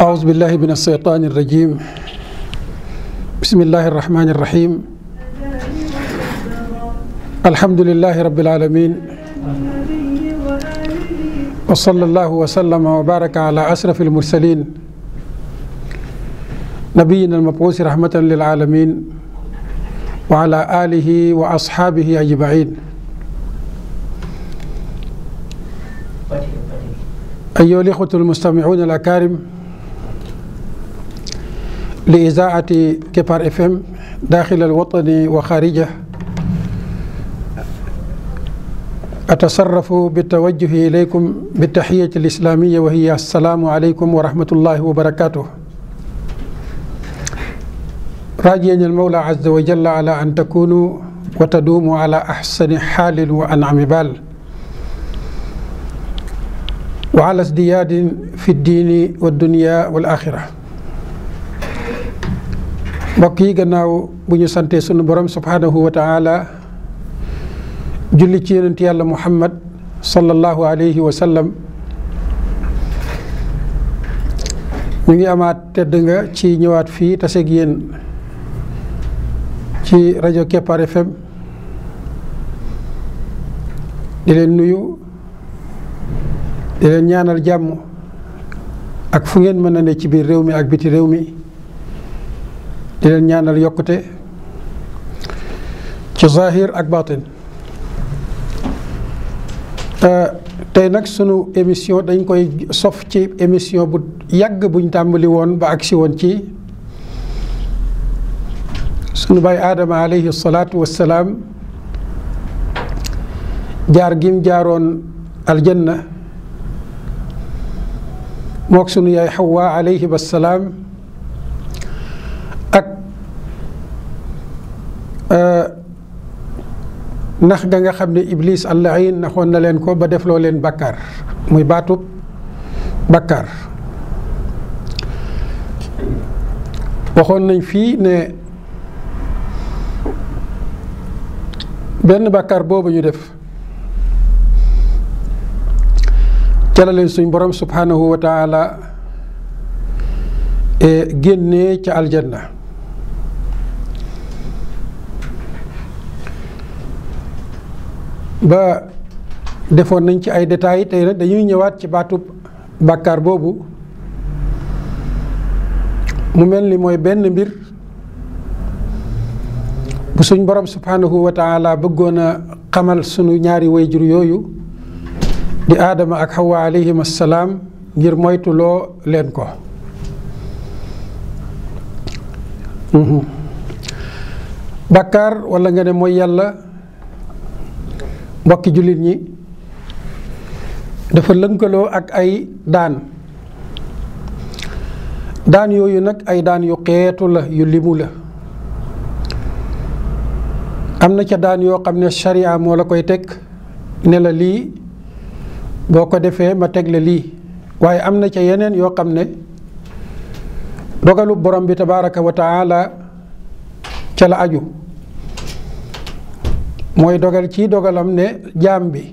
أعوذ بالله من الشيطان الرجيم بسم الله الرحمن الرحيم الحمد لله رب العالمين وصلى الله وسلم وبارك على أشرف المرسلين نبينا المبعوث رحمة للعالمين وعلى آله وأصحابه أجمعين أيها الإخوة المستمعون الأكارم لإذاعة كبار اف ام داخل الوطن وخارجه أتصرف بالتوجه إليكم بالتحية الإسلامية وهي السلام عليكم ورحمة الله وبركاته راجيا المولى عز وجل على أن تكونوا وتدوموا على أحسن حال وأنعم بال wa ala sdiyaadin fi diini wa dunia wal axira mbokk yi gannaaw bu ñu santee sunu borom subhaanahu wa taala julli ci yonent yàlla muhammad sallallahu alayhi wa sallam ñu ngi amaat tedd nga ci ñëwaat fii taseeg yéen ci rajo Kepar FM di leen nuyu di leen ñaanal jàmm ak fu ngeen mën a ne ci biir réew mi ak biti réew mi di leen ñaanal yokkute ci zahir ak batin tey nag sunu émission dañ koy sof ci émission bu yàgg buñ tàmbali woon ba agsi woon ci sunu baay aadama alayhi salaatu wassalaam jaar gim jaaroon aljanna mook sunu yaay xawaa alayhi wassalaam ak euh, nax ga nga xam ne iblis allahin naxoon na leen ko ba defloo leen bàkkaar muy baatub bàkkaar waxoon nañ fii ne benn bàkkaar boobu ñu def ca la suñ borom subhanahu wa taala e génnee ca aljanna ba defoon nañ ci ay détails tey nag dañuy ñëwaat ci baatu bàkkaar boobu mu mel ni mooy benn mbir bu suñ borom subhanahu wa taala bëggoon a xamal sunu ñaari wayjur yooyu di aadama ak xawa alayhim assalaam ngir moytuloo leen ko mhm. bàkkaar walla nga ne mooy yàlla mbokki jullit ñi dafa lënkaloo ak ay daan daan yooyu nag ay daan yu xeetu la yu limu la am na ca daan yoo xam ne sharia moo la koy teg ne lii boo ko defee ma teg la lii waaye am na ca yeneen yoo xam ne dogalu borom bi tabaaraka wa taala ca la aju mooy dogal ci dogalam ne jaam bi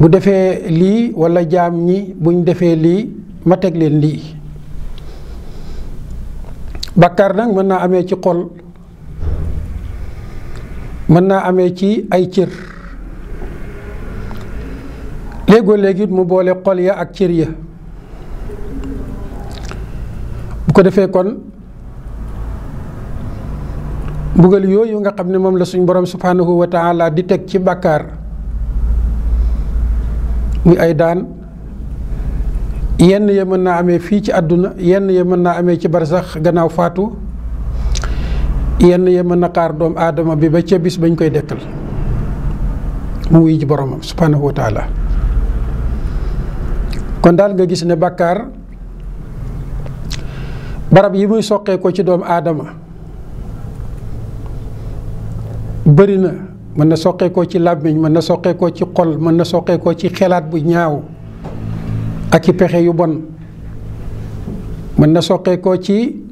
bu defee lii walla jaam ñi buñ defee lii ma teg leen lii bàkkaar nag mën naa amee ci xol mën naa amee ci ay cër léegoo léegi mu boole xol ya ak cër ya bu ko defee kon bugël yooyu nga xam ne moom la suñ borom subhanahu wa di teg ci bàkkaar muy ay daan yenn ya mën naa amee fii ci àdduna yenn ya mën naa amee ci barsax gannaaw faatu yenn ya mën na xaar doom aadama bi ba ca bis bañ koy dekkal mu wuy ji boromam subhanahu wa kon daal nga gis ne bàkkaar barab yi muy soqee ko ci doomu aadama bëri na mën na soqee ko ci làmmiñ mën na soqee ko ci xol mën na soqee ko ci xelaat bu ñaaw ak i pexe yu bon mën na soqee ko ci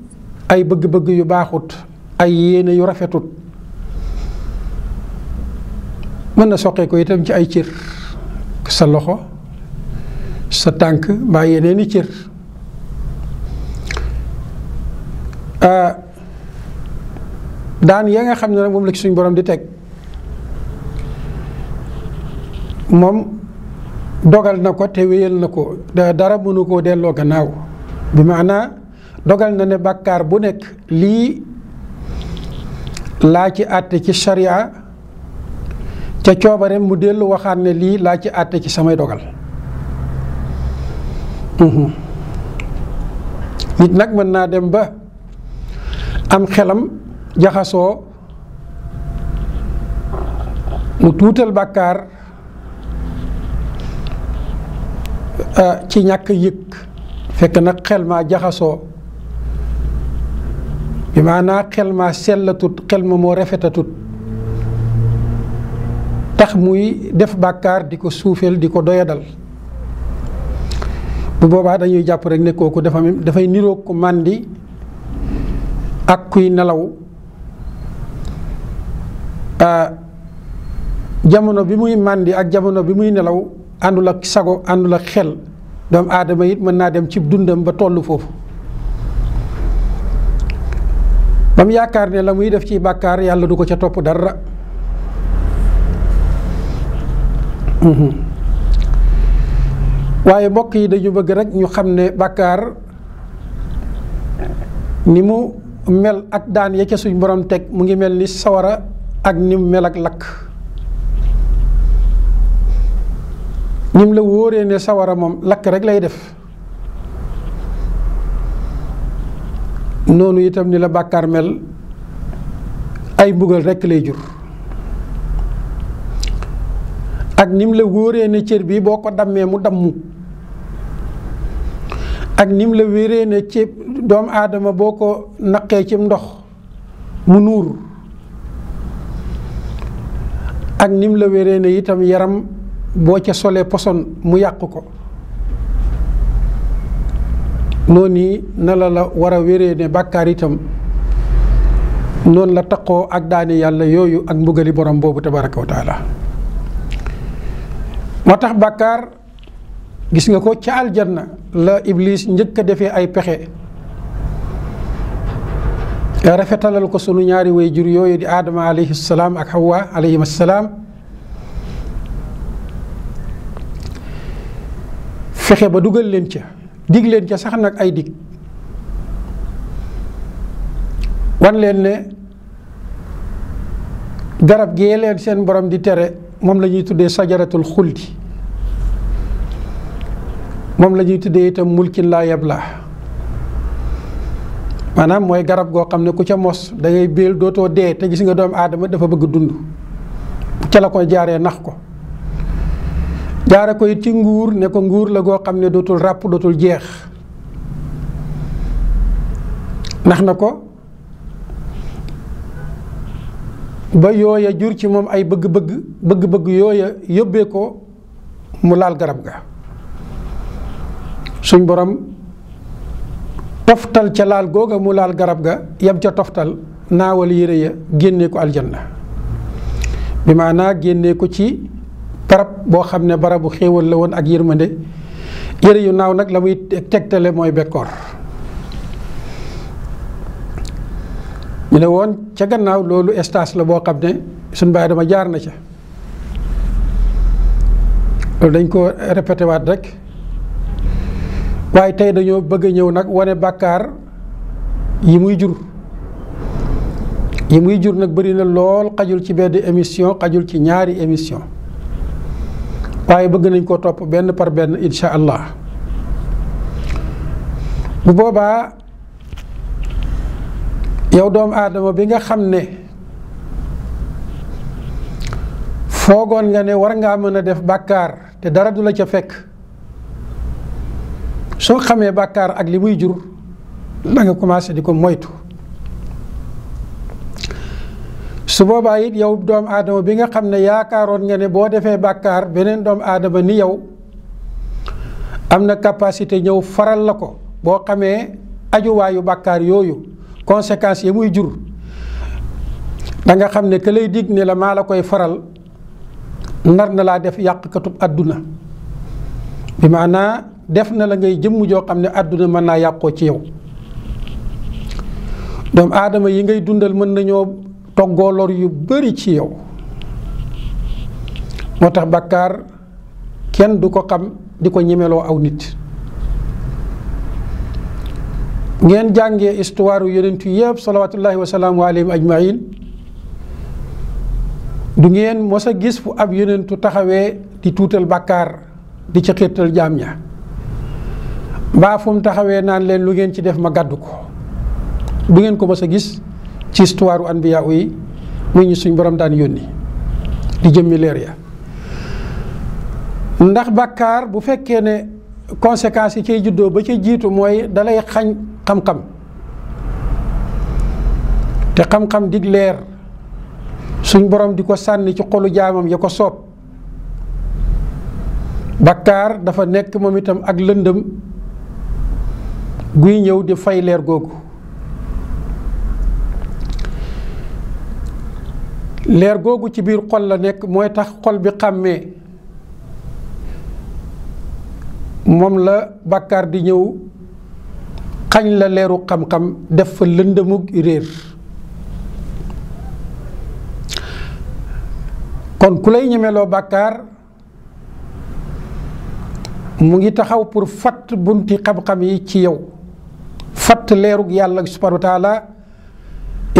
ay bëgg-bëgg yu baaxut ay yéene yu rafetut mën na soqee ko itam ci ay cër sa loxo sa tànk mbaa yeneen i cër ah, daan ya nga xam ne nag moom la ci suñ borom di teg moom dogal na ko te wéyal na ko dara mënu koo delloo gannaaw bi maanaa dogal na ne bàkkaar bu nekk lii laa ci àtte ci sharia ca coobareem mu dellu waxaat ne lii laa ci àtte ci samay dogal Mm-hmm. nit nag mën naa dem ba am xelam jaxasoo mu tuutal bàkkaar ah, ci ñàkk yëg fekk nag xel maa jaxasoo bi maanaa xel maa sellatut xel ma moo rafetatut tax muy def bàkkaar di ko suufeel di ko doyadal bu boobaa dañuy jàpp rek nekkoo ko dafa dafay niroog ko màndi ak kuy nelaw ah, jamono bi muy màndi ak jamono bi muy nelaw àndul ak sago àndul ak xel doomu aadama it mën naa dem ci dundam ba tollu foofu ba yaakaar ne la muy def ci bàkkaar yàlla du ko ca topp dara mhm. waaye mbokk yi dañu bëgg rek ñu xam ne bàkkaar ni mu mel ak daan ya ca suñ borom teg mu ngi mel ni sawara ak ni mu mel ak lakk mu la wóoree ne sawara moom lakk rek lay def noonu itam ni la bàkkaar mel ay mbugal rekk lay jur ak nim la wóoree ne cër bi boo ko dammee mu dammu ak nim la wéree ne ci doomu aadama boo ko naqee ci ndox mu nuur ak nim la wéree ne itam yaram boo ca solee poson mu yàq ko noonu na la la war a wéree ne bàkkaar itam noonu la taqoo ak daane yàlla yooyu ak mbugali borom boobu tabaraka wa taala moo tax bàkkaar gis nga ko ca aljanna la iblis njëkk a defee ay pexe rafetalal ko sunu ñaari way jur yooyu di aadama alayhi salaam ak hawa alayhim salaam fexe ba dugal leen ca digleen ca sax nag ay dig wan leen ne garab gee leen seen borom di tere moom la ñuy tuddee sajaratul xuldi moom la ñuy tuddee itam mulkin laa yabla maanaam mooy garab goo xam ne ku ca mos dangay ngay béel dootoo dee te gis nga doom aadama dafa bëgg dund ca la ko jaaree nax ko jaare ko it ci nguur ne ko nguur la goo xam ne dootul ràpp dootul jeex nax na ko ba yooya jur ci moom ay bëgg-bëgg bëgg-bëgg yooya yóbbee ko mu laal garab ga suñ borom toftal ca laal googa mu laal garab ga yam ca toftal naawal yére ya génnee ko aljanna bi maanaa génnee ko ci barab boo xam ne barabu xéewal la woon ak yërmande yére yu naaw nag la muy tegtale mooy bekkoor ñu ne woon ca gannaaw loolu stage la boo xam ne suñ baay dama jaar na ca loolu dañ ko répété waat rek waaye tey dañoo bëgg a ñëw nag wane bàkkaar yi muy jur yi muy jur nag bëri na lool xajul ci benn émission xajul ci ñaari émission waaye bëgg nañ koo topp benn par benn insha allah bu boobaa yow doomu aadama bi nga xam ne foogoon nga ne war ngaa mën a def bàkkaar te dara du la ca fekk soo xamee bàkkaar ak li muy jur da nga commencé di ko moytu su boobaa it yow doomu aadama bi nga xam ne yaakaaroon nga ne boo defee bàkkaar beneen doomu aadama ni yow am na capacité ñëw faral la ko boo xamee ajuwaayu bàkkaar yooyu conséquences yi muy jur da nga xam ne ka lay dig ne la maa la koy faral nar na laa def yàqkatub àdduna bi maanaa def na la ngay jëmm joo xam ne àdduna mën naa yàqoo ci yow doomu aadama yi ngay dundal mën nañoo toggoo lor yu bari ci yow moo tax bàkkaar kenn du ko xam di ko ñemeloo aw nit ngeen jàngee histoire yu yonentu yëpp salawaatullahi wa salaamu alayhim ajmain du ngeen mos a gis fu ab yonentu taxawee di tuutal bàkkaar di ci xirtal jaam ya baa fu taxawee naan leen lu ngeen ci def ma gàddu ko du ngeen ko ma a gis ci histoire u anbiya yi muy ñu suñ boroom daan yónni di jëmmi leer ya ndax bàkkaar bu fekkee ne conséquences yi cay juddoo ba ci jiitu mooy dalay xañ xam-xam te xam-xam dig leer suñ boroom di ko sànni ci xolu jaamam yi ko soob bàkkaar dafa nekk moom itam ak lëndëm guy ñëw di fay leer googu leer googu ci biir xol la nekk mooy tax xol bi xàmmee moom la bàkkaar di ñëw xañ la leeru xam-xam def fa lëndëmug réer kon ku lay ñemeloo bàkkaar mu ngi taxaw pour fatt bunti xam-xam yi ci yow fatt leerug yàlla subhanahu wa taala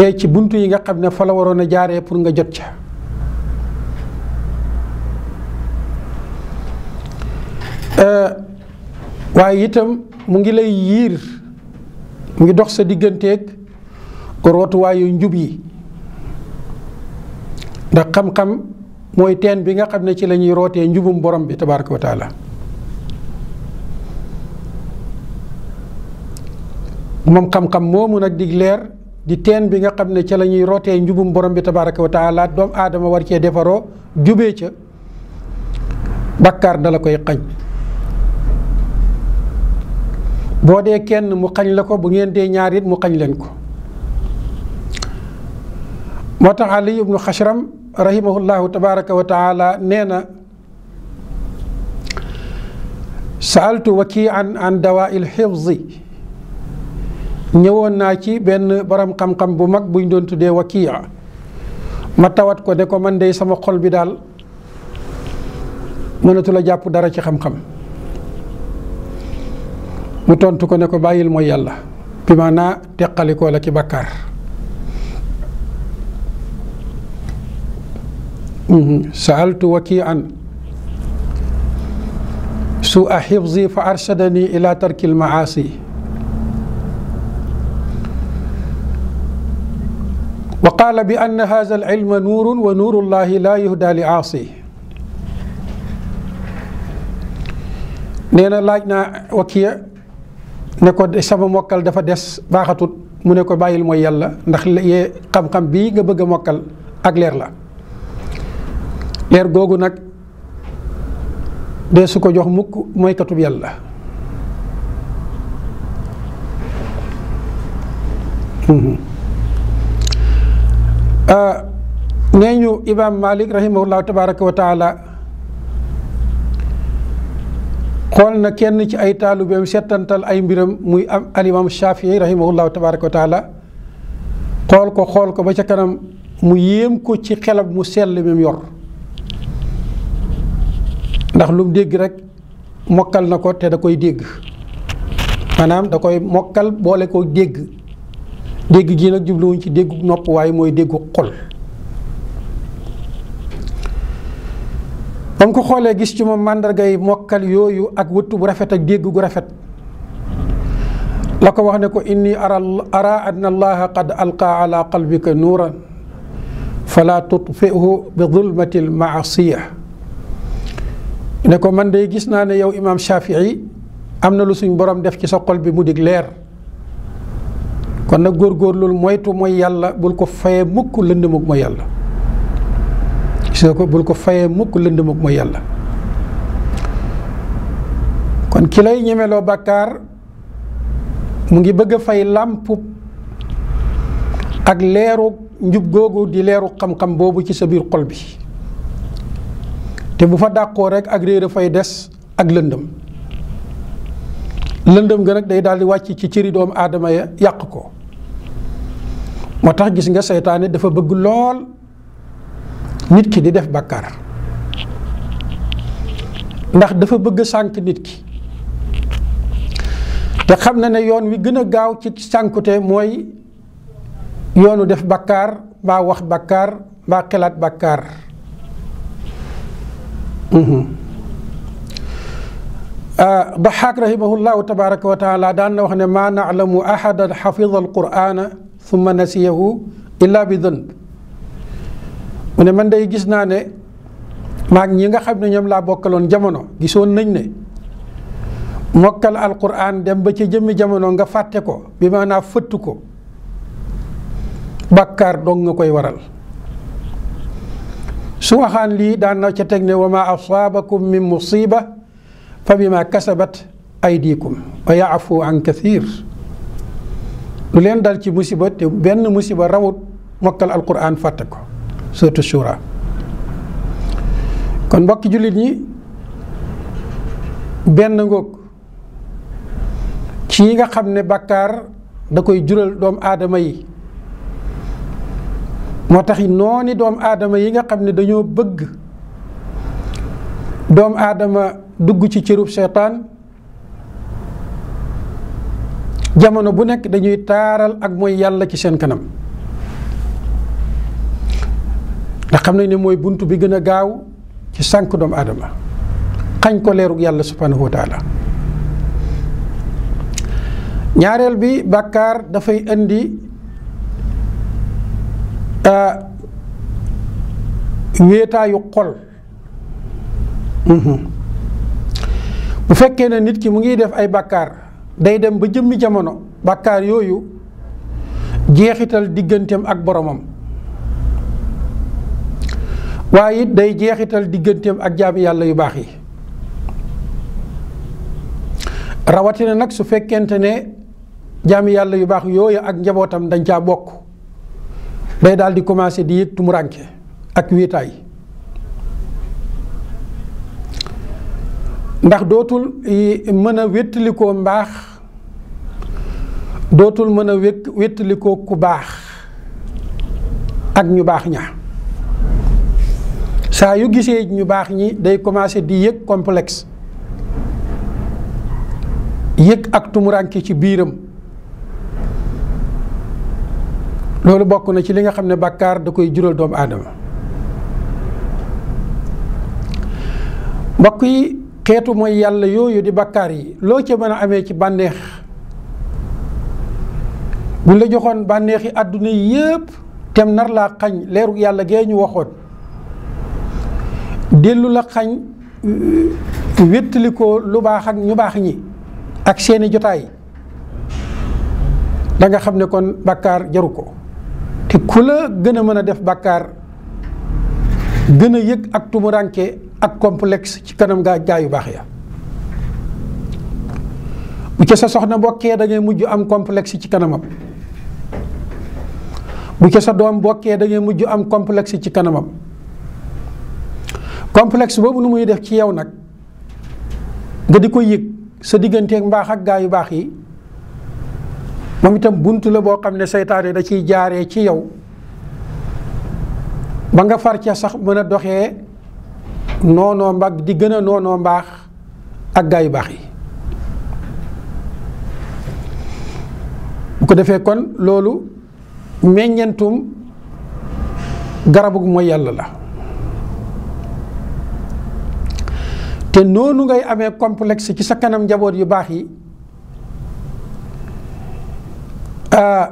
ee ci bunt yi nga xam ne fa la waroon a jaaree pour nga jot ca waaye itam mu ngi lay yiir mu ngi dox sa digganteek rootuwaayu njub yi ndax xam-xam mooy teen bi nga xam ne ci la ñuy rootee njubum borom bi tabaraka wa moom xam-xam moomu nag dig leer di teen bi nga xam ne ca la ñuy rootee njubum borom bi tabaraka wa taala doomu aadama war cee defaroo jubee ca bakkaar dala koy xañ boo dee kenn mu xañ la ko bu ngeen dee ñaarit mu xañ leen ko moo tax ali ibnu xashram rahimahullahu tabaraka wa taala nee na saaltu wakian an dawa il xifzi ñëwoon naa ci benn borom xam-xam bu mag buñ dee tuddee wakiya ma tawat ko de ko man de sama xol bi daal mënatula jàpp dara ci xam-xam mu tontu ko ne ko bàyyil mooy yàlla bi maanaa teqalikoo la ki bàkkaar mhm. saaltu wakian su a xifzi fa arshadani ila tarkil maasi qaala bi ann haza al ilma nuurun wa nuurullahi laa yuhda li aasi nee na laaj na wakiya ne ko sama mokkal dafa des baaxatut mu ne ko bàyyil mooy yàlla ndax yee xam-xam bii nga bëgg a mokkal ak leer la leer googu nag dee su ko jox mukk mooy katub yàlla mm-hmm. Euh, nee ñu imaam malik rahimahullahu tabaraka wa taala xool na kenn ci ay taalu taalubeem setantal ay mbiram muy am alimaam shafii rahimahullahu tabaraka wa xool ko xool ko ba ca kanam mu yéem ko ci xelam mu sell mim yor ndax lu dégg rek mokkal na ko te da koy dégg maanaam da koy mokkal boole koo dégg dégg gi nag jubluwuñ ci déggu nopp waaye mooy déggu xol ba ko xoolee gis ci moom màndargay mokkal yooyu ak wëttu bu rafet ak dégg gu rafet la ko wax ne ko inni ara ara anna allaha qad alqa ala qalbika nuuran fala tutfihu bi zulmati lmaasiya ne ko man day gis naa ne yow imaam Shafii am na lu suñ borom def ci sa xol bi mu dig leer kon nag góor góorgóorlu moytu mooy yàlla bul ko fayee mukk lëndëmug mooy yàlla soo ko bul ko fayee mooy yàlla kon ki lay ñemeloo bàkkaar mu ngi bëgg a fay làmp ak leeru njub googu di leeru xam-xam boobu ci sa biir xol bi te bu fa dàqoo rek ak réer a fay des ak lëndëm lëndëm ga nag day daal di wàcc ci cëri doomu aadama ya yàq ko moo tax gis nga seytaane dafa bëgg lool nit ki di def bàkkaar ndax dafa bëgg sànk nit ki te xam na ne yoon wi gën a gaaw ci sànkute mooy yoonu def bàkkaar mbaa wax bàkkaar mbaa xelaat bàkkaar mhm. ah, daxaak rahimahullahu tabaraka wa taala daan na wax ne maa naalamu ahadan xafida alqurana thumma nasiyahu illa bi dënb ne man day gis naa ne maag ñi nga xam ne ñoom laa bokkaloon jamono gisoon nañ ne mokkal alquran dem ba ca jëmmi jamono nga fàtte ko bi maanaa fëtt ko bàkkaar dong nga koy waral su waxaan lii daan na ca teg ne wa ma asaabakum min musiba fa bima kasabat aydikum wa yaafu an kathir lu leen dal ci musiba te benn musiba rawut mokkal alquran fàtte ko surtout shura kon mbokki jullit ñi benn ngoog ci yi nga xam ne bàkkaar da koy jural doomu aadama yi moo tax nooni doomu aadama yi nga xam ne dañoo bëgg doomu aadama dugg ci cërub seetaan jamono bu nekk dañuy taaral ak mooy yàlla ci seen kanam ndax xam nañ ne mooy bunt bi gën a gaaw ci sànq doom aadama xañ ko leeru yàlla subhanahu wa ñaareel bi bàkkaar dafay indi wéetaayu xol mm-hmm. bu fekkee ne nit ki mu ngiy def ay bàkkaar day dem ba jëmmi jamono bàkkaar yooyu jeexital digganteem ak boromam waaye it day jeexital digganteem ak jaami yàlla yu baax yi rawatina nag su fekkente ne jaami yàlla yu baax yooyu ak njabootam dañ caa bokk day daal di commencé di yëg tumuraanke ak wéetaay ndax dootul mën a wéttalikoo mbaax dootul mën a wét wéttalikoo ku baax ak ñu baax ña saa yu gisee ñu baax ñi day commencé di yëg complexe yëg ak tumuranke ci biiram loolu bokk na ci li nga xam ne bàkkaar da koy jural doomu aadama mbokk yi xeetu mooy yàlla yooyu di bakkaar yi loo ca mën a amee ci bànneex buñ la joxoon bànneexi àdduna yépp tem nar laa xañ leeru yàlla gee ñu waxoon dellu la xañ euh, wéttali ko lu baax ak ñu baax ñi ak seeni jotaay danga xam ne kon bàkkaar jaru ko te ku la gën a mën a def bàkkaar gën a yëg ak tumuranke ak complexe ci kanam gaa gaa yu baax ya bu ca sa soxna bokkee da mujj am complexe ci kanamam bu ca doom bokkee da ngay mujj am complexe ci kanamam complexe boobu nu muy def ci yow nag nga di ko yëg sa digganteeg mbaax ak gaa yu baax yi moom itam bunt la boo xam ne seytaane da ciy jaaree ci yow ba nga far ca sax mën a doxee noonoo mbag di gën a noonoo mbaax ak gaa yu baax yi bu ko defee kon loolu meññentum garabug mooy yàlla la te noonu ngay amee complexe ci sa kanam njaboot yu baax yi ah,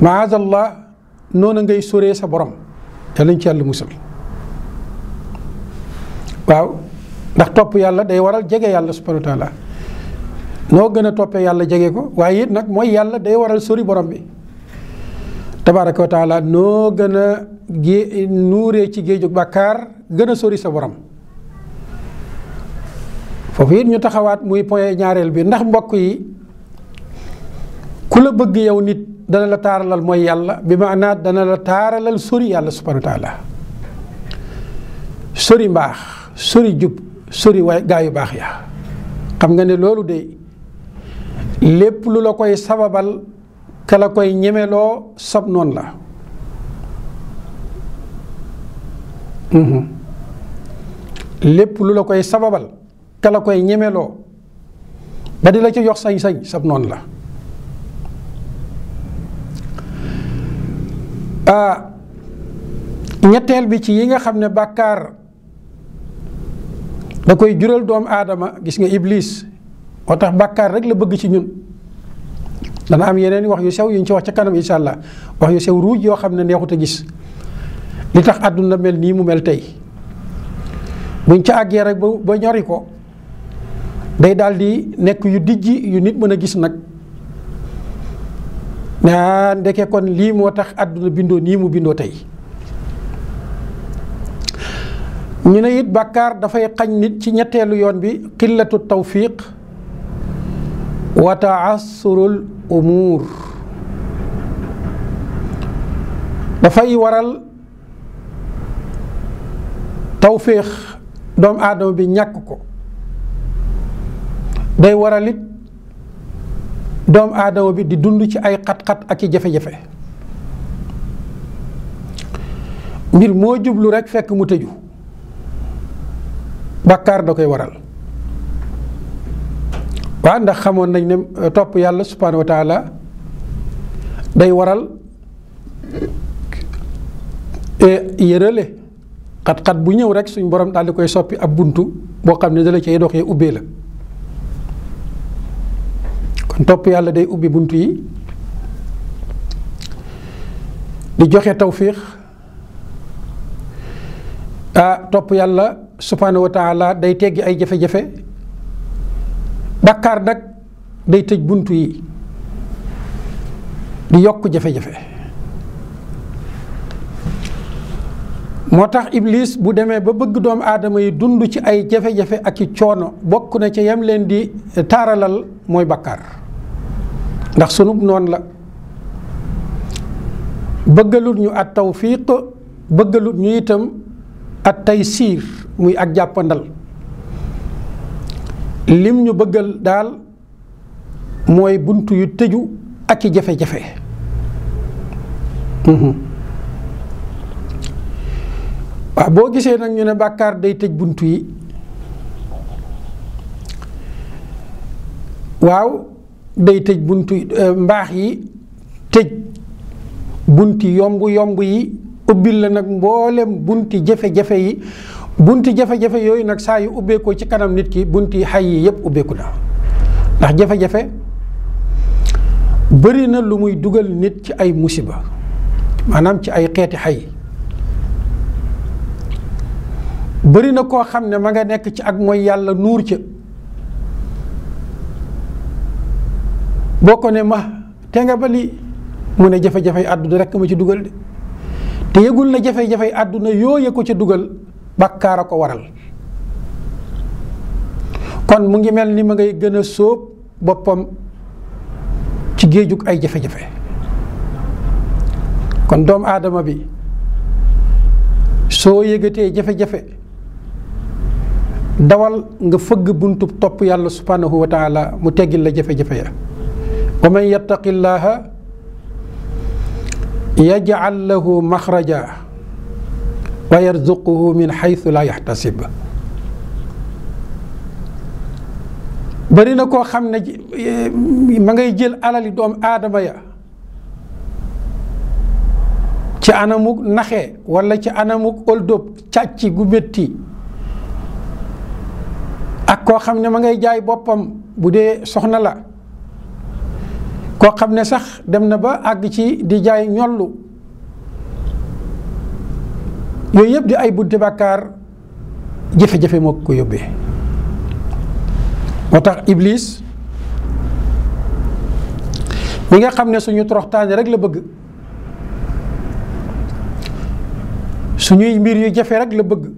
maazallah noonu ngay soree sa borom te lañ ci yàlla musal waaw ndax topp yàlla day waral jege yàlla subhanahu wa taala noo gën a toppee yàlla jege ko waaye it nag mooy yàlla day waral sori borom bi tabaaraka wa taala noo gën a gée nuuree ci géeju bàkkaar gën a sori sa borom foofu it ñu taxawaat muy point ñaareel bi ndax mbokk yi ku la bëgg yow nit dana la taaralal mooy yàlla bi maanaa dana la taaralal sori yàlla subhanahu wa sori mbaax sori jub sori waay gaa yu baax ya xam nga ne loolu de lépp lu la koy sababal ka la koy ñemeloo sab noonu la mhm. lépp lu la koy sababal ka la ñemeloo ba la ci jox sañ-sañ la ah ñetteel bi ci yi nga xam ne bàkkaar da koy jural doomu aadama gis nga iblis moo tax bàkkaar rek la bëgg ci ñun dana am yeneen wax yu sew yuñ ci wax ca kanam incha allah wax yu sew ruuj yoo xam ne neexut a gis li tax àdduna mel nii mu mel tey buñ ci àggee rek ba ba ñori ko day daal di nekk yu dijj yu nit mën a gis nag naa ndeke kon lii moo tax àdduna bindoo nii mu bindoo tey ñu ne it bàkkaar dafay xañ nit ci ñetteelu yoon bi qillatu tawfiq wa taasurul umuur dafay waral tawfiq doomu aadama bi ñàkk ko day waral it doomu aadama bi di dund ci ay xat-xat ak i jafe-jafe mbir moo jublu rekk fekk mu tëju bàkkaar da koy waral waaw ndax xamoon nañ ne euh, topp yàlla subhaanahu wa taala day waral euh, yërale xat-xat bu ñëw rek suñ borom daal di koy soppi ab buntu boo xam ne dala cay doxee ubbee la kon topp yàlla day ubbi buntu yi di joxe tawfiix ah topp yàlla subhaanahu wa taala day teggi ay jafe-jafe bàkkaar nag day tëj bunt yi di yokk jafe-jafe moo tax iblis bu demee ba bëgg doomu aadama yi dund ci ay jafe-jafe ak i coono bokk na ci yam leen di taaralal mooy bàkkaar ndax sunub noon la bëggalut ñu at tawfiq bëggalut ñu itam at taysiir muy ak jàppandal lim ñu bëggal daal mooy bunt yu tëju ak i jafe-jafe mm-hmm. boo gisee nag ñu ne bàkkaar day tëj bunt yi waaw day tëj bunt euh, mbaax yi tëj bunti yomb yomb yi ubbil la nag mboolem bunti jafe-jafe yi bunti jafe-jafe yooyu nag saa yu ubbeekoo ci kanam nit ki bunti xay yi yëpp ubbeeku na ndax jafe-jafe bëri na lu muy dugal nit ci ay musiba maanaam ci ay xeeti xay bëri na koo xam ne ma nga nekk ci ak mooy yàlla nuur ca boo ko ne ma te nga bali mu ne jafe-jafey àdduna rekk ma ci dugal de te yëgul na jafe-jafey àdduna yooye ko ci dugal bàkkaar a ko waral kon mu ngi mel ni ma ngay gën a sóob boppam ci géejug ay jafe-jafe kon doomu aadama bi soo yëgatee jafe-jafe dawal nga fëgg buntu topp yàlla subhanahu wa taala mu teggil la jafe-jafe ya wa man yattaqillaha yaj'al lahu wa yarzuquhu min xaytu laa yaxtasib bari na koo xam ne ma ngay jël alali doom aadama ya ci anamuk naxe walla ci anamuk ëldëb càcc gu métti ak koo xam ne ma ngay jaay boppam bu dee soxna la koo xam ne sax dem na ba àgg ci di jaay ñollu yooyu yëpp di ay bunti bàkkaar jafe-jafe moo ko yóbbee moo tax Iblis mi nga xam ne suñu toroxtaane rek la bëgg suñuy mbir yu jafe rek la bëgg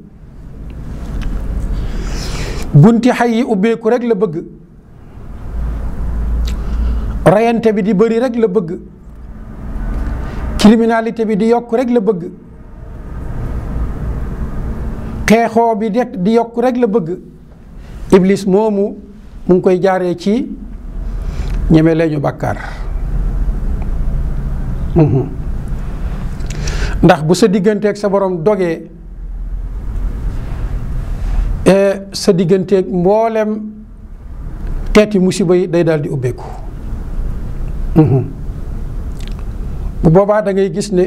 bunti xay yi ubbeeku rek la bëgg rayante bi di bëri rek la bëgg criminalité bi di yokk rek la bëgg xeexoo bi de di yokk rek la bëgg iblis moomu mu ngi koy jaaree ci ñeme leeñu bàkkaar mhm. ndax bu sa digganteeg sa borom dogee e sa digganteeg mboolem xeeti musiba yi day daal di ubbeeku mhm. bu boobaa dangay gis ne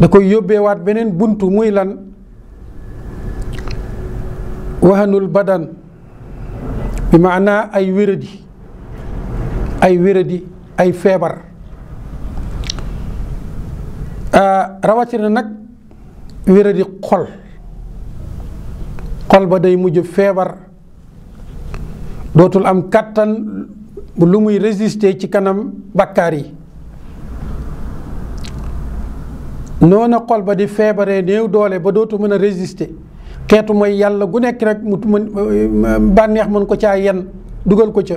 da koy yóbbewaat beneen bunt muy lan waxanul badan bi maanaa ay wéradi ay wéradi ay feebar ah, rawatina nag wéradi xol xol ba day mujj feebar dootul am kattan lu muy résisté ci kanam bakkaar yi noona xol ba di feebaree néew doole ba dootu mën a résisté xeetu mooy yàlla gu nekk rek mu bànneex mën ko caa yenn dugal ko ca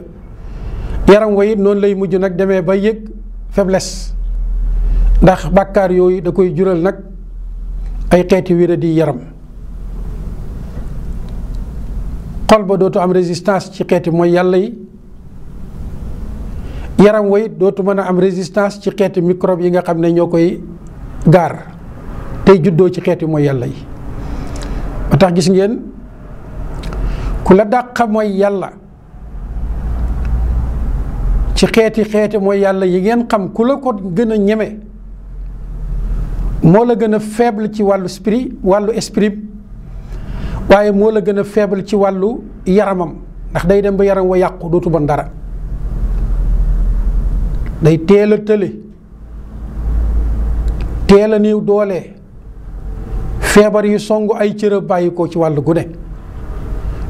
yaram wa it noonu lay mujj nag demee ba yëg faiblesse ndax bàkkaar yooyu da koy jural nag ay xeeti wéradi yaram xol ba dootu am résistance ci xeeti mooy yàlla yi yaram wa yit dootu mën a am résistance ci xeeti microbe yi nga xam ne ñoo koy gaar tey juddoo ci xeeti mooy yàlla yi ba tax gis ngeen ku la dàqa mooy yàlla ci xeeti xeeti mooy yàlla yi ngeen xam ku la ko gën a ñeme moo la gën a faible ci wàllu esprit wàllu esprit waaye moo la gën a faible ci wàllu yaramam ndax day dem ba yaram wa yàqu dootu bon dara day teel a tële teel a néew doole feebar yi songu ay cërëb bàyyikoo ko ci wàllu gune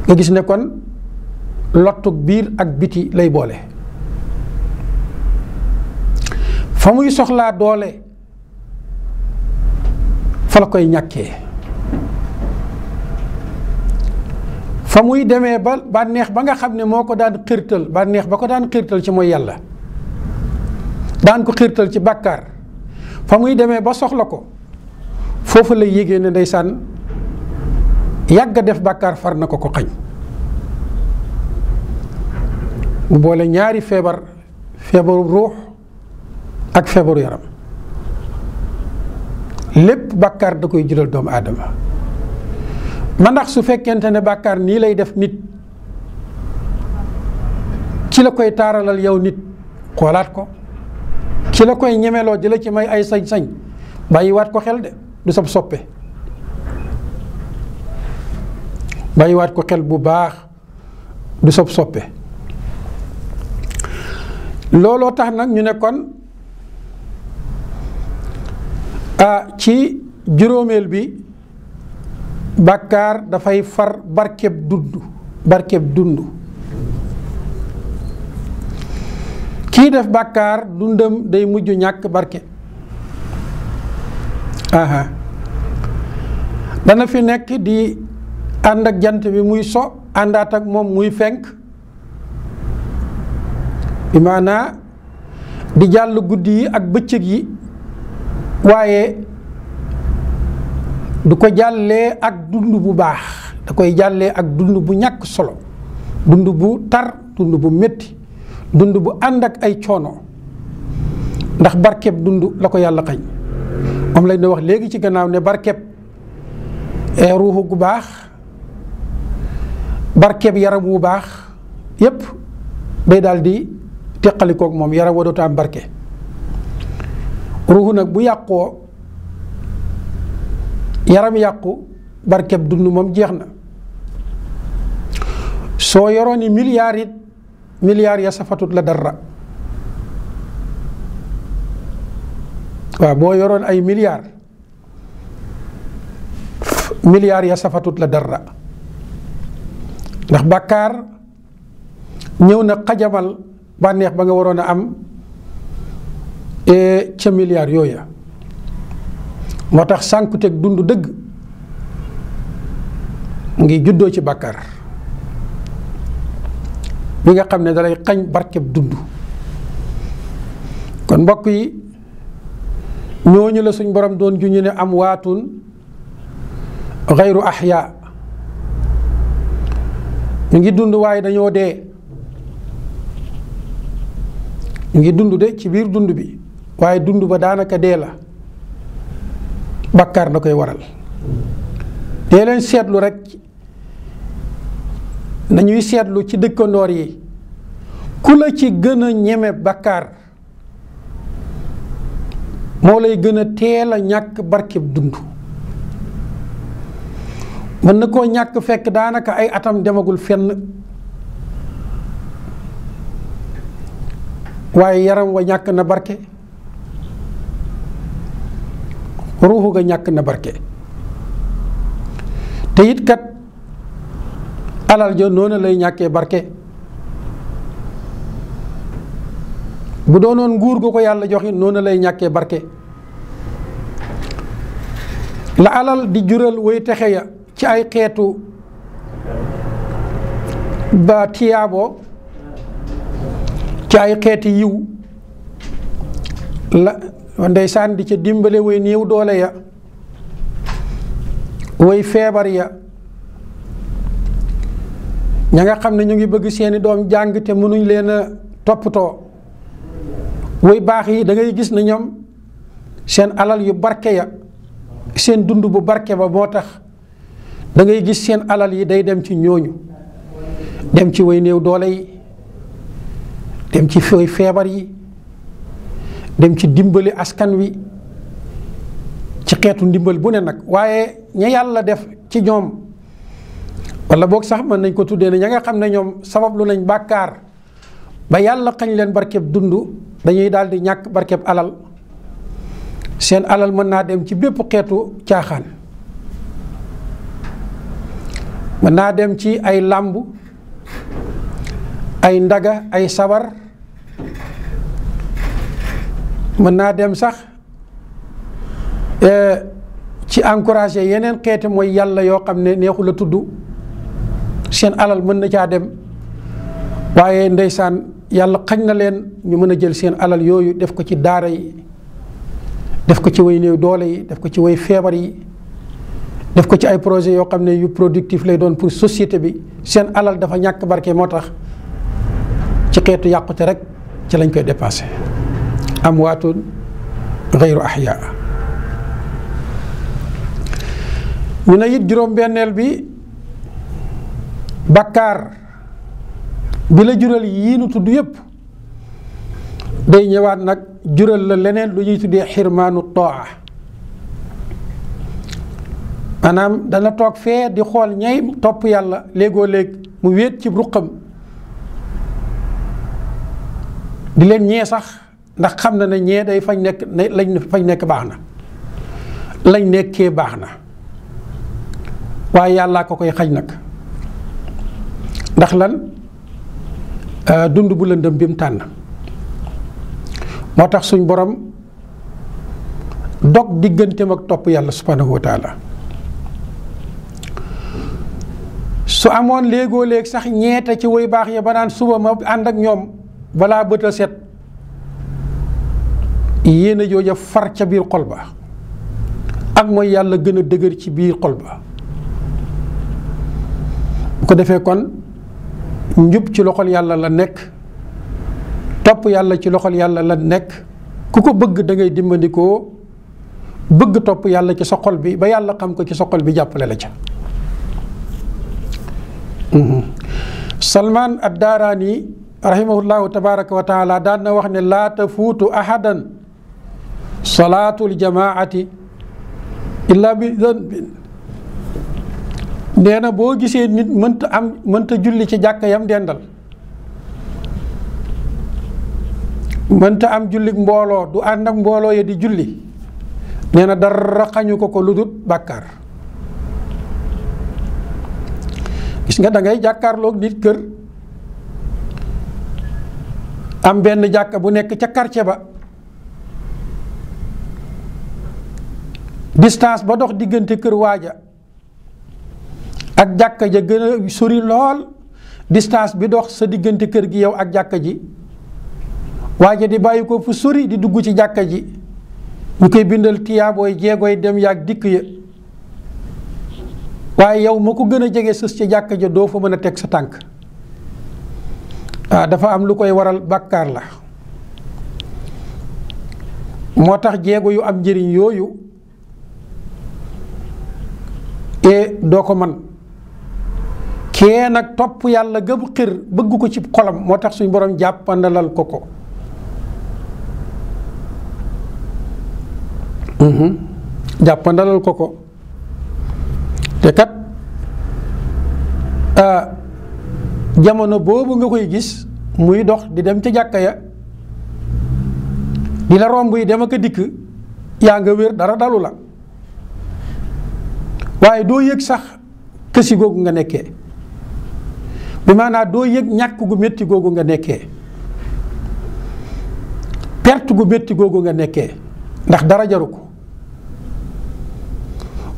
nga gis ne kon lottuk biir ak biti lay boole fa muy soxlaa doole fa la koy ñàkkee fa muy demee ba bànneex ba nga xam ne moo ko daan xirtal bànneex ba ko daan xirtal ci mooy yàlla daan ko xirtal ci bàkkaar fa muy demee ba soxla ko foofu la yégée ne ndeysaan yàgg a def bàkkaar far na ko ko xañ bu boole ñaari feebar feebaru ruux ak feebaru yaram lépp bàkkaar da koy jural doomu aadama ma ndax su fekkente ne bàkkaar nii lay def nit ci la koy taaralal yow nit xoolaat ko ci la koy ñemeloo di la ci may ay sañ-sañ bàyyiwaat ko xel de du sab soppe bàyyiwaat ko xel bu baax du sab soppe looloo tax nag ñu ne kon ah ci juróomeel bi bàkkaar dafay far barkeb dund barkeb dund kii def bàkkaar dundam day mujj ñàkk barke dana fi nekk di ànd ak jant bi muy so àndaat ak moom muy fenk bi maanaa di jàll guddi yi ak bëccëg yi waaye du ko jàllee ak dund bu baax da koy jàllee ak dund bu ñàkk solo dund bu tar dund bu métti dund bu ànd ak ay coono ndax barkeb dund la ko yàlla xañ moom lañ wax léegi ci gannaaw ne barkeb eh, ruuxu gu baax barkeb yaram wu baax yépp bay daal di teqalikook moom yaram wa dootu am barke ruuxu nag bu yàqoo yaram yàqu barkeb dund moom jeex na soo yoroon ni milliards it ya safatut la dara waaw boo yoroon ay milliards milliards ya safatut la dara ndax bàkkaar ñëw na xajamal bànneex ba nga waroon a am eh, ca milliards yooya moo tax sànkuteeg dund dëgg ngi juddoo ci bàkkaar bi nga xam ne dalay xañ barkeb dund kon mbokk yi ñooñu la suñ borom doon juñu ne am waatun xayru ahya mu ngi dund waaye dañoo dee ñu ngi dund de ci biir dund bi waaye dund ba daanaka dee la bakkaar da koy waral dee leen seetlu rekk nañuy seetlu ci dëkkandoor yi ku la ci gën a ñeme bakkaar moo lay gën a teel a ñàkk barkeb dund mën na koo ñàkk fekk daanaka ay atam demagul fenn waaye yaram wa ñàkk na barke ruuxu ga ñàkk na barke te it kat alal jo noonu lay ñàkkee barke bu doonoon nguur gu ko yàlla joxe noonu lay ñàkkee barke la alal di jural way texe ya ci ay xeetu ba ci ay xeeti yiw la ndeysaan di ca dimbale way néew doole ya way feebar ya ña nga xam ne ñu ngi bëgg seeni doom jàng te mënuñ leen a toppatoo way baax yi dangay gis ne ñoom seen alal yu barke ya seen dund bu barke ba moo tax dangay gis seen alal yi day dem ci ñooñu dem ci way néew doole yi dem ci feebar yi dem ci dimbali askan wi ci xeetu ndimbal bu ne nag waaye ña yàlla def ci ñoom wala boog sax man nañ ko tuddee ne ña nga xam ne ñoom sabab lu nañ bàkkaar ba yàlla xañ leen barkeb dund dañuy daal di ñàkk barkeb alal seen alal mën naa dem ci bépp xeetu caaxaan mën naa dem ci ay làmb ay ndaga ay sabar mën naa dem sax eh, ci encouragé yeneen xeeti mooy yàlla yoo xam ne neexu la tudd seen alal mën na caa dem waaye ndeysaan yàlla xañ na leen ñu mën a jël seen alal yooyu def ko ci daara yi def ko ci woy néew doole yi def ko ci way feebar yi def ko ci ay projet yoo xam ne yu productif lay doon pour société bi seen alal dafa ñàkk barke moo tax ci xeetu yàqute rek ci lañ koy dépassé amwaatun xayru ahyaa ñu ne it juróom-benneel bi bakkaar bi la jural yii nu tudd yépp day ñëwaat nag jural la leneen lu ñuy tuddee xirmaanu toa maanaam dana toog fee di xool ñay topp yàlla léegoo léeg mu wéet ci ruqam di leen ñee sax ndax xam na na ñee day fañ nekk lañ fañ nekk baax na lañ nekkee baax na waaye yàllaa ko koy xaj nag ndax lan Euh, dund bu lëndëm bi mu tànn moo tax suñ boroom dog digganteem ak topp yàlla subhanahu wa su amoon léegoo léeg sax ñeeta ci woy baax ya ba naan suba ma ànd ak ñoom balaa bët a set yéen a jooja far ca biir xol ba ak mooy yàlla gën a dëgër ci biir xol ba bu ko defee kon njub ci loxol yàlla la nekk topp yàlla ci loxol yàlla la nekk ku ko bëgg dangay ngay bëgg topp yàlla ci sa bi ba yàlla xam ko ci sa bi jàppale la ca mm-hmm. salmaan addaaraani rahimahullahu tabaraka wa taala daan na wax ne laa tafuutu ahadan salaatul jamaati illa bi danbin nee na boo gisee nit mënta am mënta julli ci jàkk yam dendal mënta am jullik mbooloo du ànd ak mbooloo ya di julli nee na dara xañu ko ko lu dut bàkkaar gis nga da ngay jàkkaarloog nit kër am benn jàkka bu nekk ca karce ba distance ba dox diggante kër waaja ak jàkka ja gën a sori lool distance bi dox sa diggante kër gi yow ak jàkka ji waaja di bàyyi ko fu sori di dugg ci jàkka ji ñu koy bindal tiyaabooy jeegooy dem yaag dikk ya waaye yow ma ko gën a jege sës ci jàkka ja doo fa mën a teg sa tànk waaw ah, dafa am lu koy waral bàkkaar la moo tax jeego yu am njëriñ yooyu e doo ko man kee nag topp yàlla gëm xir bëgg ko ci xolam moo tax suñ borom jàppandalal ko ko mhm. jàppandalal ko ko te kat ah, jamono boobu nga koy gis muy dox di dem ca jàkka ya di la romb yi dem ak a dikk yaa nga wér dara dalu la waaye doo yëg sax kësi googu nga nekkee bi maanaam doo yëg ñàkk gu metti googu nga nekkee pert gu métti googu nga nekkee ndax dara jaru ko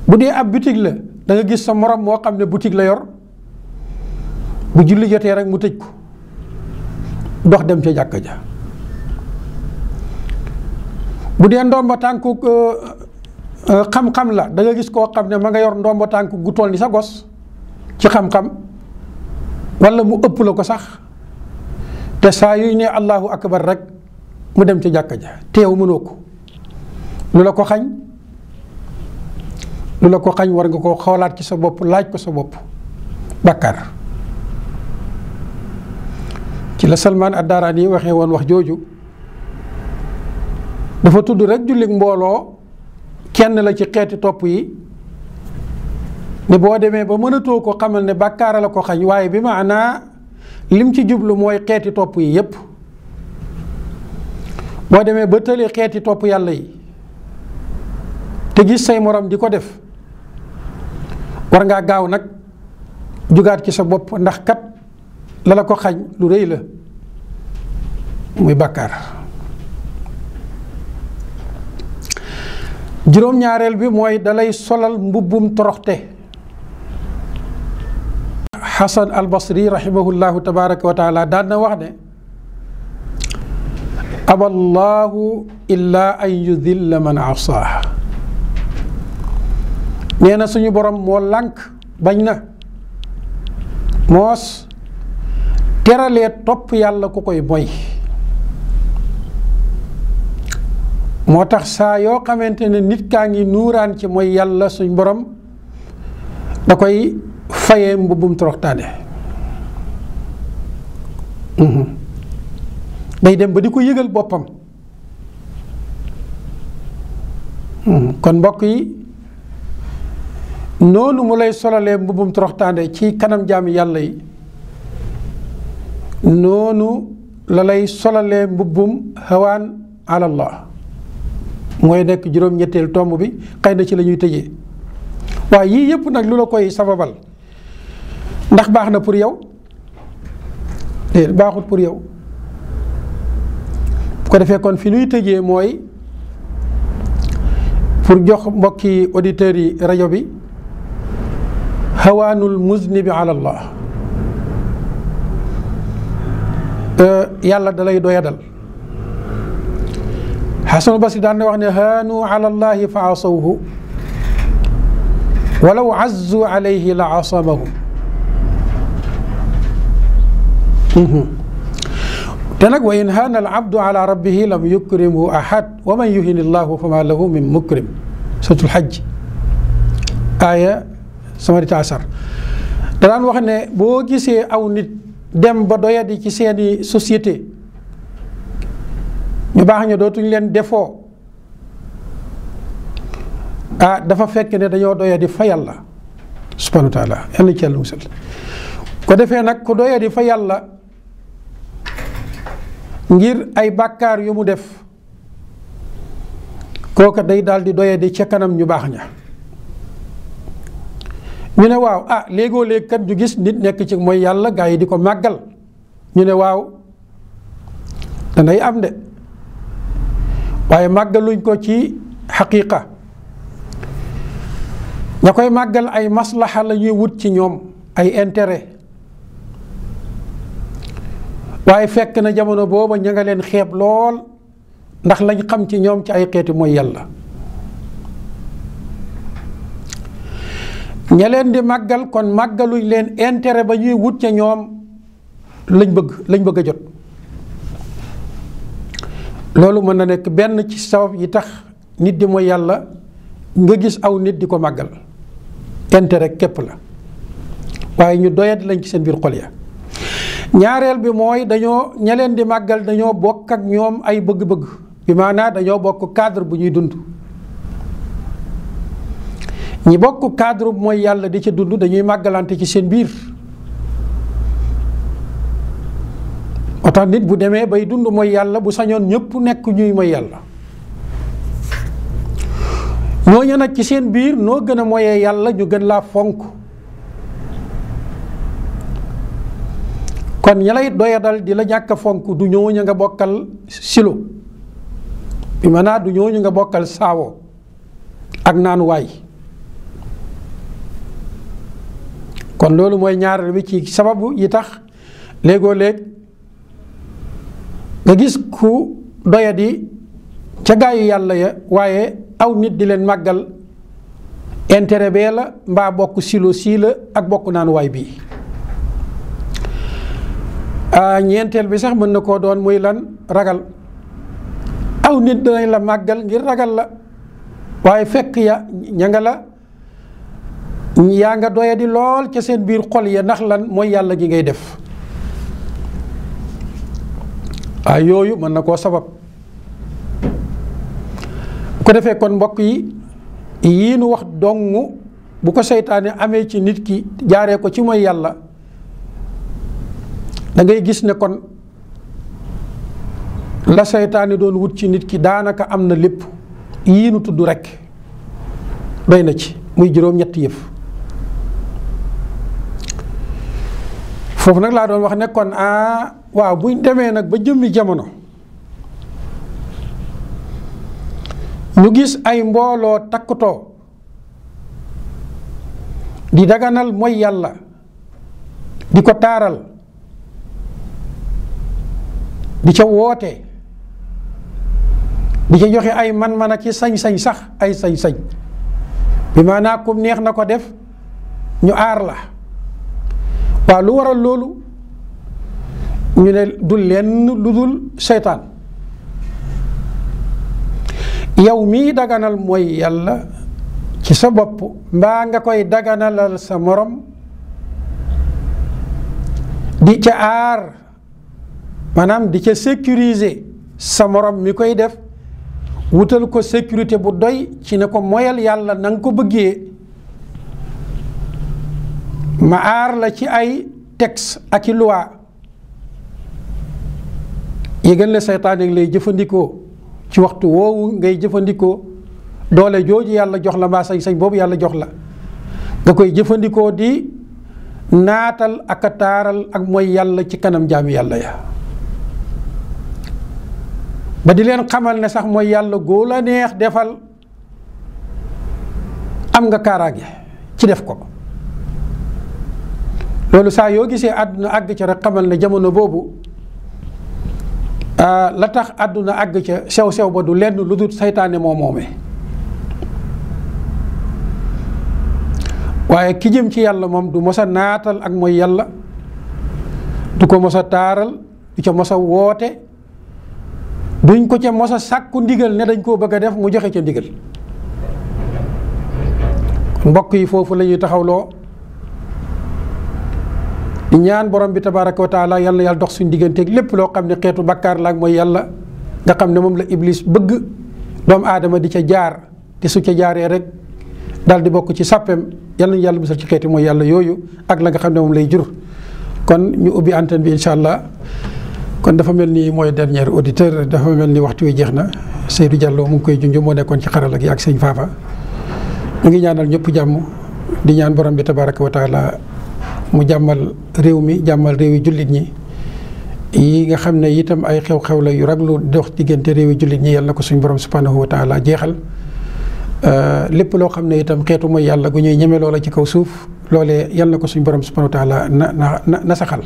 bu dee ab boutique la danga gis sa morom moo xam ne boutique la yor bu julli jotee rek mu tëj ko dox dem ca jàkk ja bu dee ndomba tànku euh, euh, xam-xam la danga gis koo xam ne ma nga yor ndomba tànku gu toll ni sa gos ci xam-xam wala mu ëpp la ko sax te saa yuy ne allahu akbar rek mu dem ci jàkka ja teew mënoo ko lu la ko xañ lu la ko xañ war nga koo xoolaat ci sa bopp laaj ko sa bopp bàkkaar ci la Salmaan ad-Daaraani waxee woon wax jooju dafa tudd rek jullit mbooloo kenn la ci xeeti topp yi ne boo demee ba mënatoo ko xamal ne bàkkaara la ko xañ waaye bi maanaa lim ci jublu mooy xeeti topp yi yépp boo demee ba tële xeeti topp yàlla yi te gis say morom di ko def war ngaa gaaw nag jugaat ci sa bopp ndax kat la la ko xañ lu rëy la muy bàkkaar juróom-ñaareel bi mooy dalay solal mbubbum toroxte xasan albasri rahimahullahu tabaraka wa taala daan na wax ne aballahu illaa an yudilla man asaa nee na suñu borom moo lank bañ na moos teralee topp yàlla ku koy boy moo tax saa yoo xamante ne nit kaa ngi nuuraan ci mooy yàlla suñ borom da koy fayee mbubbum toroxtaane mhm. day dem ba di ko yëgal boppam mhm. kon mbokk yi noonu mu lay solalee mbubbum toroxtaande ci kanam jaami yàlla yi noonu la lay solalee mbubbum hawaan alallah mooy nekk juróom-ñetteel tomb bi xëy na ci lañuy ñuy tëjee waaye yii yëpp nag lu la koy sababal ndax baax na pour yow déet baaxut pour yow bu ko defee kon fi nuy tëjee mooy pour jox mbokki auditeurs yi rajo bi hawaanul muznibi ala allah euh, yàlla dalay doyadal xasanul basri daan na wax ne haanu ala allahi fa asawhu walaw azzu alayhi la asamahum Mhm. te nag wa in haana al abdu ala rabbihi lam yukrimhu ahad wa man yuhin illahu fama lahu min mukrim suratul hajj aaya samari taasar da daan wax ne boo gisee aw nit dem ba doyadi ci seeni societé ñu baax ña dootuñ leen defoo ah dafa fekk ne dañoo doyadi fa yàlla subhanahu wa taala yàlla ci yàlla musal ko defee nag ku doyadi fa yàlla ngir ay bàkkaar yu mu def kooka day daal di doye di ca kanam ñu baax ña ñu ne waaw ah léegoo léeg kat ñu gis nit nekk ci mooy yàlla gaa yi di ko màggal ñu ne waaw danay am de waaye màggaluñ ko ci xaqiiqa ña koy màggal ay maslaxa la ñuy wut ci ñoom ay intérêt waaye fekk na jamono booba ña nga leen xeeb lool ndax lañ xam ci ñoom ci ay xeeti mooy yàlla ña leen di màggal kon màggaluñ leen intérêt ba ñuy wut ca ñoom lañ bëgg lañ bëgg a jot loolu mën na nekk benn ci sabab yi tax nit di mooy yàlla nga gis aw nit di ko màggal intérêt képp la waaye ñu doyat lañ ci seen biir xol ya ñaareel bi mooy dañoo ña leen di màggal dañoo bokk ak ñoom ay bëgg-bëgg bi maanaam dañoo bokk cadre bu ñuy dund ñi bokk cadre bu mooy yàlla di ci dund dañuy màggalante ci seen biir otax nit bu demee bay dund mooy yàlla bu sañoon ñëpp nekk ñuy mooy yàlla ñooñu nag ci seen biir noo gën a moyee yàlla ñu gën laa fonk kon ña lay doyadal di la ñàkk a fonk du ñooñu nga bokkal silo bi maanaam du ñooñu nga bokkal saawo ak naanuwaay kon loolu mooy ñaareel bi ci sababu yi tax léegoo léeg nga gis ku doyadi ca gaayu yàlla ya waaye aw nit di leen màggal intérêt bee la mbaa bokk silo sii la ak bokk naanuwaay waay bii Ah, ñeenteel bi sax mën na koo doon muy lan ragal aw nit danañ la màggal ngir ragal la waaye fekk ya ña nga la yaa nga doya di lool ca seen biir xol ya ndax lan mooy yàlla gi ngay def ay ah, yooyu mën na koo sabab bu ko defee kon mbokk yi yii nu wax dong bu ko seytaane amee ci nit ki jaaree ko ci mooy yàlla dangay gis ne kon la seytaane doon wut ci nit ki daanaka am na lépp yii nu tudd rekk bay na ci muy juróom-ñetti yëf foofu nag laa doon wax nekkoon kon a ah, waaw bu demee nag ba jëmmi jamono ñu gis ay mbooloo takkutoo di daganal mooy yàlla di ko taaral di ca wootee di ca joxe ay man-man a ci sañ-sañ sax ay sañ-sañ bi maanaam kum neex na ko def ñu aar la waaw lu waral loolu ñu ne du lenn lu dul seytaan yow mii daganal mooy yàlla ci sa bopp mbaa nga koy daganalal sa morom di ca aar maanaam di ca sécuriser sa morom mi koy def wutal ko sécurité bu doy ci ne ko moyal yàlla na nga ko bëggee ma aar la ci ay texte ak i loi yëgal ne seytaan lay jëfandikoo ci waxtu woowu ngay jëfandikoo doole jooju yàlla jox la mbaa sañ-sañ boobu yàlla jox la nga koy jëfandikoo di naatal aka taaral ak mooy yàlla ci kanam jaami yàlla ya ba di leen xamal na sax mooy yàlla góo la neex defal am nga kaaraange ci def ko loolu saa yoo gisee àdduna àgg ca rek xamal na jamono boobu la tax àdduna àgg ca sew sew ba du lenn lu dul seytaane moo moome waaye ki jëm ci yàlla moom du mos a naatal ak mooy yàlla du ko mos a taaral du ca mos woote duñ ko ca mosa a sàkku ndigal ne dañ koo bëgg a def mu joxe ca ndigal mbokk yi foofu lañuy ñuy taxawloo ñaan borom bi tabaaraka wa taala yàlla yàlla dox suñu digganteeg lépp loo xam ne xeetu bakkaar la ak mooy yàlla nga xam ne moom la iblis bëgg doomu aadama di ca jaar te su ca jaaree rek daal di bokk ci sàppeem yàlla nañu yàlla musal ci xeeti mooy yàlla yooyu ak la nga xam ne moom lay jur kon ñu ubbi antenne bi incha allah. kon dafa mel ni mooy dernier auditeur dafa mel ni waxtu wi jeex na Seydou Diallo mu ngi koy junj moo nekkoon ci xarala gi ak sëñ Fafa ñu ngi ñaanal ñëpp jàmm di ñaan borom bi tabaraka wa mu jàmmal réew mi jàmmal réew yi jullit ñi. yi nga xam ne itam ay xew-xew la yu lu dox diggante réew yi jullit ñi yàlla na ko suñu borom subhanahu wa taala jeexal euh, lépp loo xam ne itam xeetu mooy yàlla gu ñuy ñeme loola ci kaw suuf loolee yàlla na ko suñu borom subhanahu wa taala na saxal.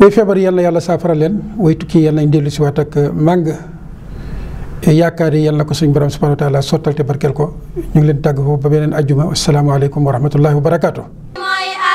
way feebar yàlla yàlla saafara leen way tukki yàlla nañ dellu si waat ak uh, màng e, yaakaar yi na ko suñ baram subhanahu wa taala sottal te barkeel ko ñu ngi leen tàgg foofu ba beneen ajjuma asalaamaaleykum wa rahmatullahi wa barakaatu.